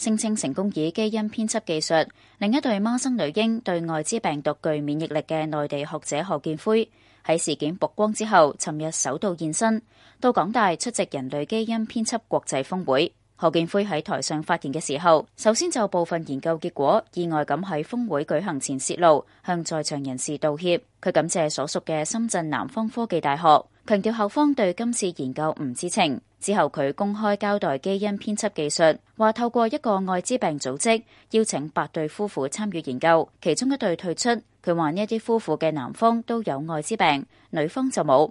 聲稱成功以基因編輯技術令一對孖生女嬰對愛滋病毒具免疫力嘅內地學者賀建奎，喺事件曝光之後，尋日首度現身到港大出席人類基因編輯國際峰會。賀建奎喺台上發言嘅時候，首先就部分研究結果意外咁喺峰會舉行前洩露，向在場人士道歉。佢感謝所屬嘅深圳南方科技大學，強調校方對今次研究唔知情。之後佢公開交代基因編輯技術，話透過一個艾滋病組織邀請八對夫婦參與研究，其中一對退出。佢話呢一啲夫婦嘅男方都有艾滋病，女方就冇。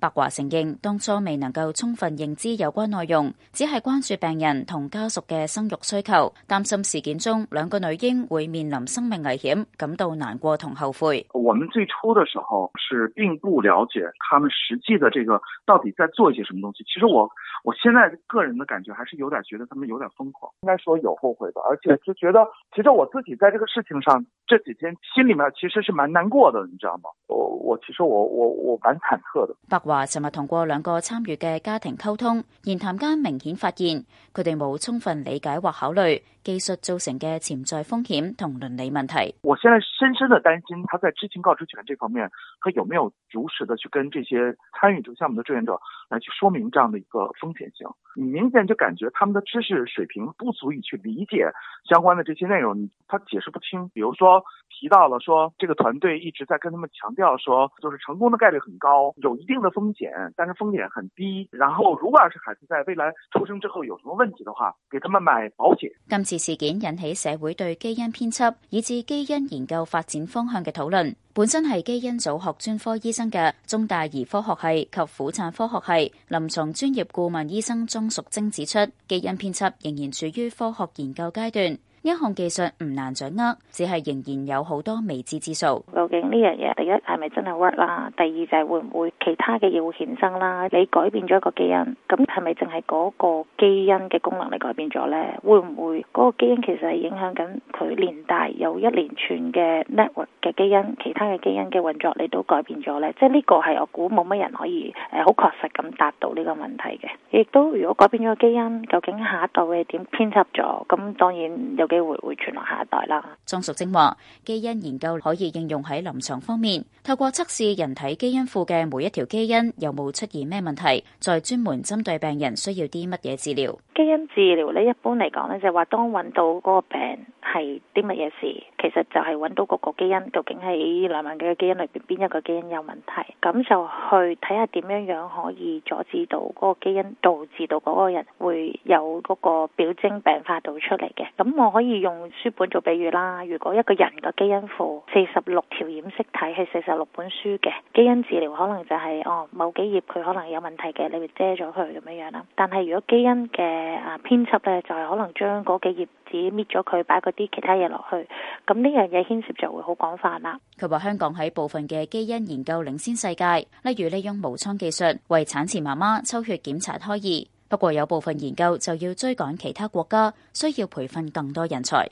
白樺林承認當初未能夠充分認知有關內容，只係關注病人同家屬嘅生育需求，擔心事件中兩個女嬰會面臨生命危險，感到難過同後悔。我們最初的時候是並不了解他們實際的這個到底在做一些什麼東西。其實我我現在個人的感覺還是有點覺得他們有點瘋狂。應該說有後悔吧。而且就覺得其實我自己在這個事情上這幾天心裏面其實是蠻難過的，你知道嗎？哦。我其實我我我蠻忐忑的。白樺林尋日同過兩個參與嘅家庭溝通，言談間明顯發現佢哋冇充分理解或考慮技術造成嘅潛在風險同倫理問題。我現在深深的擔心，他在知情告知權這方面，他有沒有如實的去跟這些參與這個項目的志願者來去說明這樣的一個風險性？你明顯就感覺他們的知識水平不足以去理解相關的這些內容，他解釋不清。比如說提到了說，這個團隊一直在跟他們強調說。就是成功的概率很高，有一定的風險，但是風險很低。然後如果要是孩子在未來出生之後有什麼問題的話，給他們買保險。今次事件引起社會對基因編輯以至基因研究發展方向嘅討論。本身係基因組學專科醫生嘅中大兒科學系及婦產科學系臨床專業顧問醫生鍾淑貞指出，基因編輯仍然處於科學研究階段。一項技術唔難掌握，只係仍然有好多未知之數。究竟呢樣嘢第一係咪真係 work 啦？第二就係會唔會其他嘅嘢會衍生啦？你改變咗一個基因，咁係咪淨係嗰個基因嘅功能你改變咗呢？會唔會嗰個基因其實係影響緊佢連帶有一連串嘅 network 嘅基因，其他嘅基因嘅運作你都改變咗呢？即係呢個係我估冇乜人可以誒好確實咁答到呢個問題嘅。亦都如果改變咗基因，究竟下一代會點？編輯咗咁，當然機會會傳落下一代啦。莊淑貞話，基因研究可以應用喺臨床方面，透過測試人體基因庫嘅每一條基因，有冇出現咩問題，再專門針對病人需要啲乜嘢治療。基因治療咧，一般嚟講咧，就係話當揾到嗰個病係。啲乜嘢事，其實就係揾到嗰個基因，究竟喺兩萬幾嘅基因裏邊邊一個基因有問題，咁就去睇下點樣樣可以阻止到嗰個基因導致到嗰個人會有嗰個表徵病發到出嚟嘅。咁我可以用書本做比喻啦，如果一個人個基因庫四十六條染色體係四十六本書嘅，基因治療可能就係、是、哦某幾頁佢可能有問題嘅，你會遮咗佢咁樣樣啦。但係如果基因嘅編輯咧，就係、是、可能將嗰幾頁紙搣咗佢，擺嗰啲其他嘢。落去，咁呢樣嘢牽涉就會好廣泛啦。佢話香港喺部分嘅基因研究領先世界，例如利用無創技術為產前媽媽抽血檢查胎兒，不過有部分研究就要追趕其他國家，需要培訓更多人才。